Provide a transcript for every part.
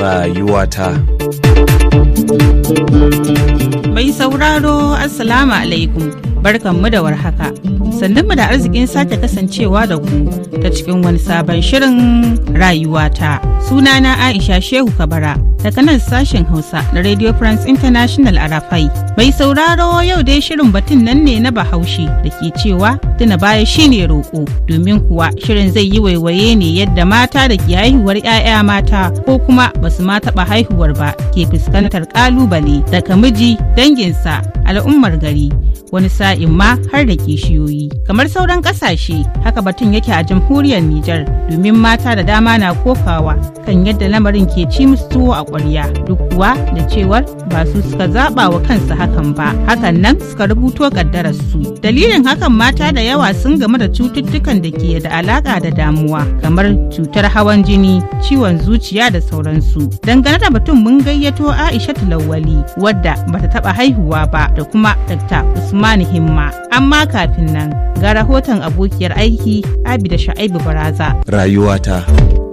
Rayuwata Mai sauraro Assalamu alaikum barkanmu da warhaka Sannan mu da arzikin sake kasancewa da ku ta cikin wani sabon shirin rayuwata. Sunana Aisha Shehu Kabara daga nan sashen Hausa na Radio France International a Rafai. Mai sauraro yau dai shirin batun nan ne na Bahaushe da ke cewa tuna baya shine roƙo domin kuwa shirin zai yi waiwaye ne yadda mata da ke haihuwar 'ya'ya mata ko kuma basu ma taɓa haihuwar ba ke fuskantar ƙalubale daga miji danginsa al'ummar gari. wani sa'in ma har da kishiyoyi kamar sauran ƙasashe, haka batun yake a jamhuriyar Nijar domin mata da dama na kofawa kan yadda lamarin ke ci musu tuwo a ƙwarya duk kuwa da cewar ba su suka zaba wa kansu hakan ba hakan nan suka rubuto su. dalilin hakan mata da yawa sun gama da cututtukan da ke da alaƙa da damuwa kamar cutar hawan jini ciwon zuciya da sauransu dangane da batun mun gayyato Aisha Lawali wadda bata taɓa haihuwa ba da kuma Dr. Usman Usman Himma. Amma kafin nan ga rahoton abokiyar aiki Abida Sha'aibu Baraza. Rayuwata.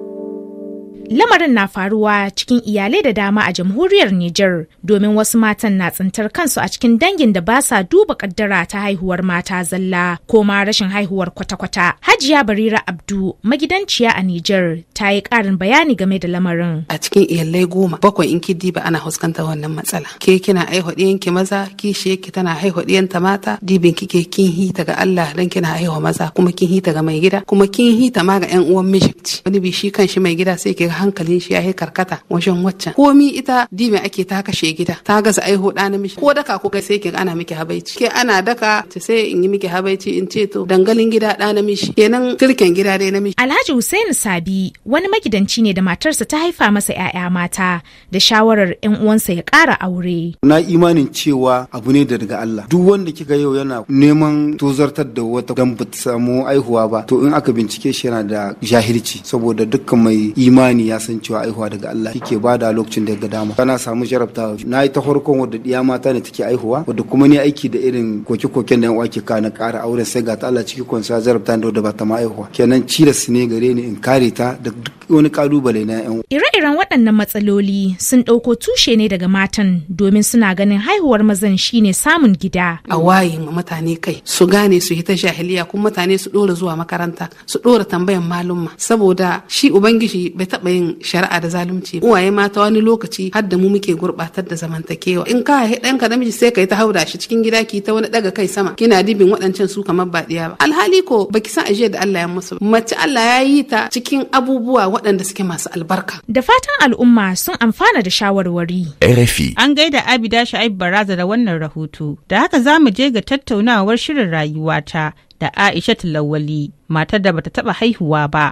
Lamarin na faruwa cikin iyalai da dama a jamhuriyar Nijar domin wasu matan na tsintar kansu a cikin dangin da ba sa duba kaddara ta haihuwar mata zalla ko ma rashin haihuwar kwata-kwata. Hajiya Barira Abdu magidanciya a Nijar ta yi karin bayani game da lamarin. A cikin iyalai goma bakwai in kidi ba ana huskanta wannan matsala. Ke kina haihuwa ki maza kishi yake tana haihuwa ta mata dibin ki ke kin hita ga Allah dan kina haihuwa maza kuma kin hita ga mai gida kuma kin hita ma ga 'yan uwan miji wani bi shi kan shi mai gida sai ke hankalin shi ya yi karkata wajen waccan komi ita dime ake ta kashe gida ta gaza aiho da mishi ko daka ko sai ki ana miki habaici ke ana daka ta sai in yi miki habaici in ce to dangalin gida da mishi kenan kirken gida dai mishi Alhaji Hussein Sabi wani magidanci ne da matarsa ta haifa masa 'ya'ya mata da shawarar 'yan uwansa ya ƙara aure na imanin cewa abu ne da daga Allah duk wanda kika yau yana neman tozartar da wata dan ba samu aihuwa ba to in aka bincike shi yana da jahilci saboda dukkan mai imani ya san cewa aihuwa daga Allah kike da lokacin da ga dama kana samu jarabta na yi ta farkon wadda diya mata ne take aihuwa wadda kuma ni aiki da irin koke-koken da yan uwa ka kana kara auren sai ga ta Allah ciki sa jarabta da ba ta ma aihuwa kenan cire su ne gare ni in kare ta da duk wani kalubale na yan ire-iren waɗannan matsaloli sun ɗauko tushe ne daga matan domin suna ganin haihuwar mazan shine samun gida a wayin mutane kai su gane su yi ta jahiliya kuma mutane su ɗora zuwa makaranta su ɗora tambayan malumma saboda shi ubangiji bai taɓa yin shari'a da zalunci uwaye mata wani lokaci har da mu muke gurbatar da zamantakewa in ka ɗan ɗanka namiji sai ka kai ta hauda shi cikin gida ki ta wani ɗaga kai sama kina dibin waɗancan su kamar ba ɗiya ba alhali ko baki san ajiyar da Allah ya musu mace Allah ya yi ta cikin abubuwa waɗanda suke masu albarka da fatan al'umma sun amfana da shawarwari RFI an gaida Abida Sha'ib Baraza da wannan rahoto da haka za mu je ga tattaunawar shirin rayuwata da Aisha Lawali matar da bata taba haihuwa ba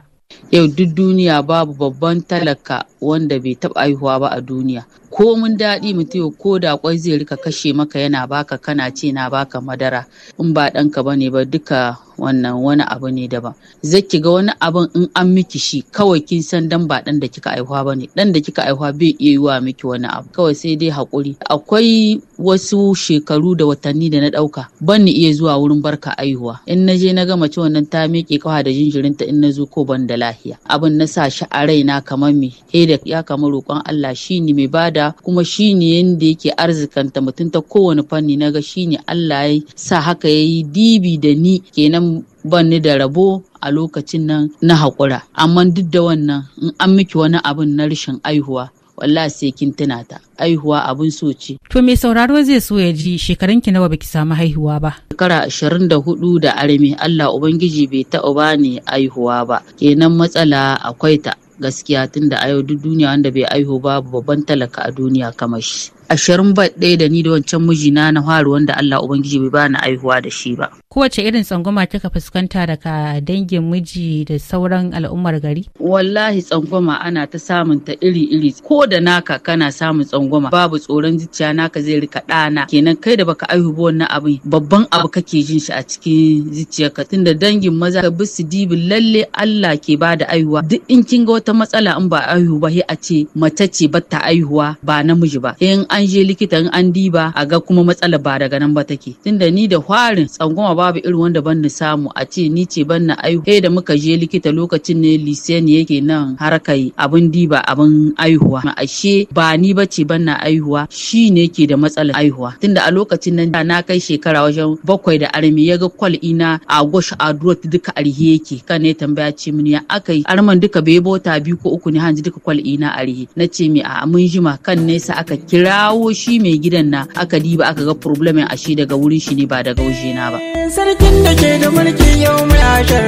Yau duk duniya babu babban talaka wanda bai taɓa haihuwa ba a duniya. Ko mun daɗi mutum ko da kwai zai rika kashe maka yana baka kana ce na baka madara in ba ɗanka ba ne ba duka wannan wani abu ne daban zaki ga wani abun in an miki shi kawai kin san dan ba dan da kika aihuwa bane dan da kika aihuwa bai iya yiwa miki wani abu kawai sai dai hakuri akwai wasu shekaru da watanni da na dauka ban ni iya zuwa wurin barka aihuwa in na je na ga mace wannan ta miƙe kawa da jinjirinta in na zo ko ban da lahiya abin na sa shi a raina kamar me he da ya kama roƙon Allah shine mai bada kuma shine yanda yake arzikanta mutunta kowane fanni na ga shine Allah ya sa haka yayi dibi da ni kenan ban ni da rabo a lokacin nan na haƙura amma duk da wannan in an miki wani abin na rashin aihuwa wallahi sai kin tuna ta aihuwa abin so ce. To me sauraro zai so ya ji shekarun ki nawa baki samu haihuwa ba? Shekara ashirin da hudu da arme Allah Ubangiji bai taɓa bani aihuwa ba kenan matsala akwai ta gaskiya tun da yau duk duniya wanda bai aihu babu babban talaka a duniya kamar shi. ashirin ba ɗaya da ni da wancan mijina na haru wanda Allah Ubangiji bai bani aihuwa da shi ba. Kowace irin tsangwama kika fuskanta daga dangin miji da sauran al'ummar gari? Wallahi tsangwama ana ta samun ta iri-iri ko da naka kana samun tsangwama babu tsoron zuciya naka zai rika ɗana kenan kai da baka aihu ba wannan abin babban abu kake jin shi a cikin zuciyarka tunda dangin maza ka bi su dibi lalle Allah ke ba da aihuwa duk in kin ga wata matsala in ba aihu ba sai a ce mace ce ba ta aihuwa ba namiji ba. an je likita an diba a ga kuma matsala ba daga nan ba take tunda ni da hwarin tsangwama babu irin wanda ban ni samu a ce ni ce ban na aihu da muka je likita lokacin ne lisen yake nan harkai abin diba abin aihuwa ashe ba ni ba ce ban na aihuwa shi ne ke da matsalar aihuwa tunda a lokacin nan na kai shekara wajen bakwai da armi ya ga kwal ina a gosh a duka arihi yake kan ne tambaya ce mini ya aka yi arman duka bai bota biyu ko uku ne hanji duka kwal ina arihi na ce mi a mun jima kan nesa aka kira dawo shi mai gidan na aka diba aka ga problemin ashe daga wurin shi ne ba daga waje na ba sarkin da ke da mulki yau mai ashar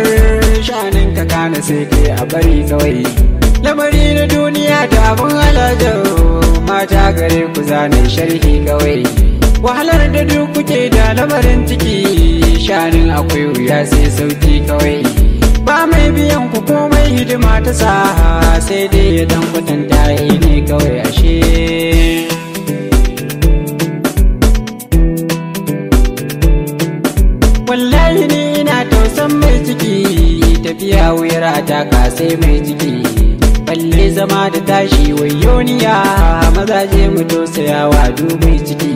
shanin ka kana sai ke a bari kawai lamari na duniya ta abun alajar mata gare ku zane sharhi kawai wahalar da duk kuke da lamarin ciki shanin akwai wuya sai sauki kawai ba mai biyan ku komai hidima ta sa sai dai ya dan kwatanta ne kawai ashe gaskiya wuyar ta sai mai jiki balle zama da tashi wayoniya mazaje mu dosayawa dubai ciki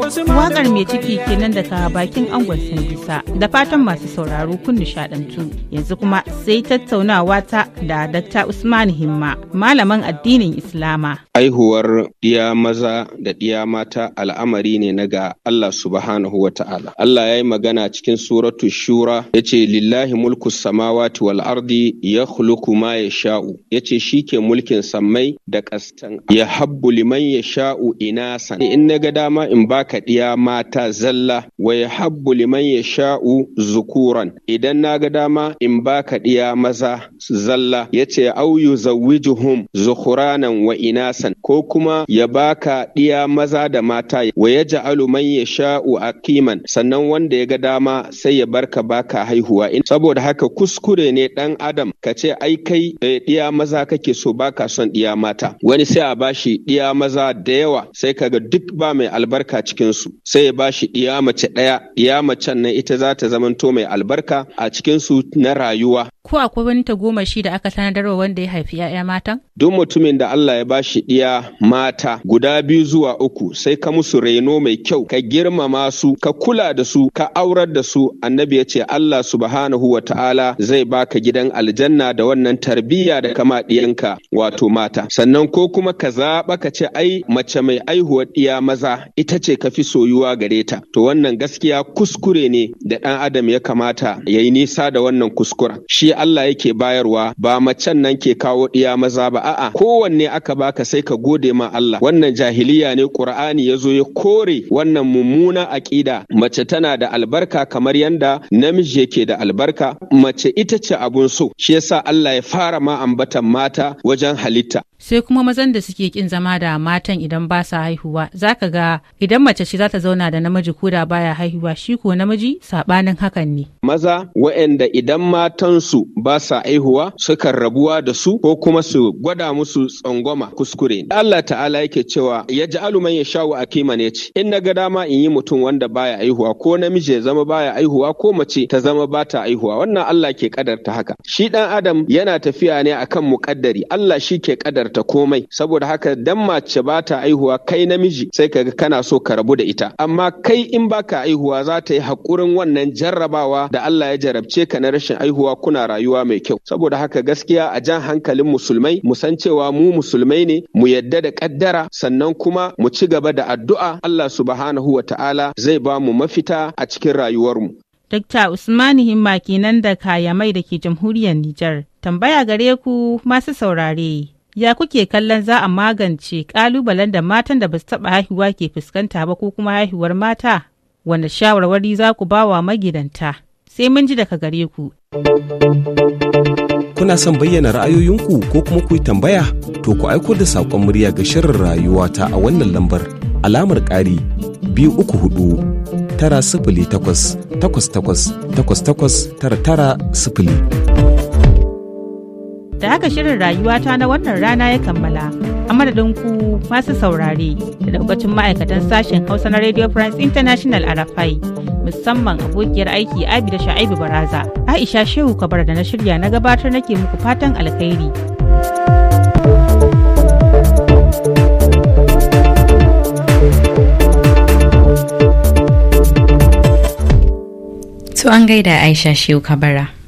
Waƙar mai ciki kenan daga bakin angon Sandisa da fatan masu sauraro kun nishadantu Yanzu kuma sai tattaunawa ta da Dr. Usman Himma, malaman addinin Islama. haihuwar ɗiya maza da ɗiya mata al'amari ne na ga Allah subhanahu wa ta'ala. Allah ya yi magana cikin suratu shura ya ce lillahi mulku samawati wal ardi ya khuluqu ma ya sha'u ya ce shi ke mulkin sammai da ƙastan ya habbu liman ya sha'u inasan in na ga dama in baka ɗiya mata zalla wa ya habbu liman ya sha'u zukuran idan na ga dama in baka ɗiya maza zalla ya ce au yuzawwijuhum zukuranan wa inasan hasan ko kuma ya baka ɗiya maza da mata wa ya ja'alu man kiman. aqiman sannan wanda ya ga dama sai ya barka baka haihuwa in saboda haka kuskure ne dan adam ka ce ai kai eh, ɗiya maza kake so baka son ɗiya mata wani sai a bashi ɗiya maza da yawa sai kaga duk ba mai albarka cikin su sai ya bashi ɗiya mace ɗaya ɗiya macen nan ita za ta zamanto mai albarka a cikin su na rayuwa ko akwai wani tagomashi da aka wa wanda ya haifi 'ya'ya matan? Duk mutumin da Allah ya bashi ɗiya mata guda biyu zuwa uku sai ka musu reno mai kyau ka girmama su ka kula da su ka aurar da su annabi ya ce Allah subhanahu wa ta'ala zai baka gidan aljanna da wannan tarbiyya da kama ɗiyanka wato mata sannan ko kuma ka zaɓa ka ce ai mace mai aihuwar ɗiya maza ita ce ka fi soyuwa gare ta to wannan gaskiya kuskure ne da ɗan adam ya kamata ya yi nisa da wannan kuskura shi Allah yake bayarwa ba macen nan ke kawo ɗiya maza ba a'a kowanne aka baka sai ka gode ma Allah wannan jahiliya ne Qur'ani ya zo ya kore wannan mummuna aƙida mace tana da albarka kamar yanda namiji yake da albarka mace ita ce abun so shi yasa Allah ya fara ma ambatan mata wajen halitta sai kuma mazan da suke kin zama da matan idan ba sa haihuwa zaka ga idan mace ce za ta zauna da namiji ko da baya haihuwa shi ko namiji sabanin hakan ne maza wa'anda idan matan su. ba sa aihuwa sukan rabuwa da su ko kuma su gwada musu tsangwama kuskure ne. Allah ta'ala yake cewa ya ji aluman ya shau a kima ne ce in na ga dama in yi mutum wanda baya aihuwa ko namiji ya zama baya aihuwa ko mace ta zama ba ta aihuwa wannan Allah ke kadarta haka. Shi dan Adam yana tafiya ne akan mukaddari. Allah shi ke kadarta komai saboda haka dan mace ba ta aihuwa kai namiji sai kaga kana so ka rabu da ita amma kai in baka aihuwa za ta yi hakurin wannan jarrabawa da Allah ya jarabce ka na rashin aihuwa kuna rayuwa mai kyau saboda haka gaskiya a jan hankalin musulmai mu san cewa mu musulmai ne mu yadda da kaddara sannan kuma mu ci gaba da addu'a Allah subhanahu wa ta'ala zai ba mu mafita a cikin rayuwar mu. Dr Usmani Himma kenan da kaya mai da ke jamhuriyar Nijar. Tambaya gare ku masu saurare. Ya kuke kallon za a magance ƙalubalen da matan da ba su taɓa haihuwa ke fuskanta ba ko kuma haihuwar mata? Wanda shawarwari za ku ba wa magidanta? sai mun ji daga gare ku. Kuna son bayyana ra'ayoyinku ko kuma ku yi tambaya? To ku aiko da saƙon murya ga shirin rayuwa ta a wannan lambar alamar ƙari biyu uku hudu tara sifili takwas takwas takwas takwas takwas tara tara sifili. Da haka shirin rayuwa ta na wannan rana ya kammala. a madadin ku masu saurare da daukacin ma'aikatan sashen hausa na radio france international arafai musamman abokiyar aiki abi da sha'ibu baraza aisha shehu Kabara da na shirya na gabatar nake muku fatan alkhairi To an gaida Aisha Shehu Kabara.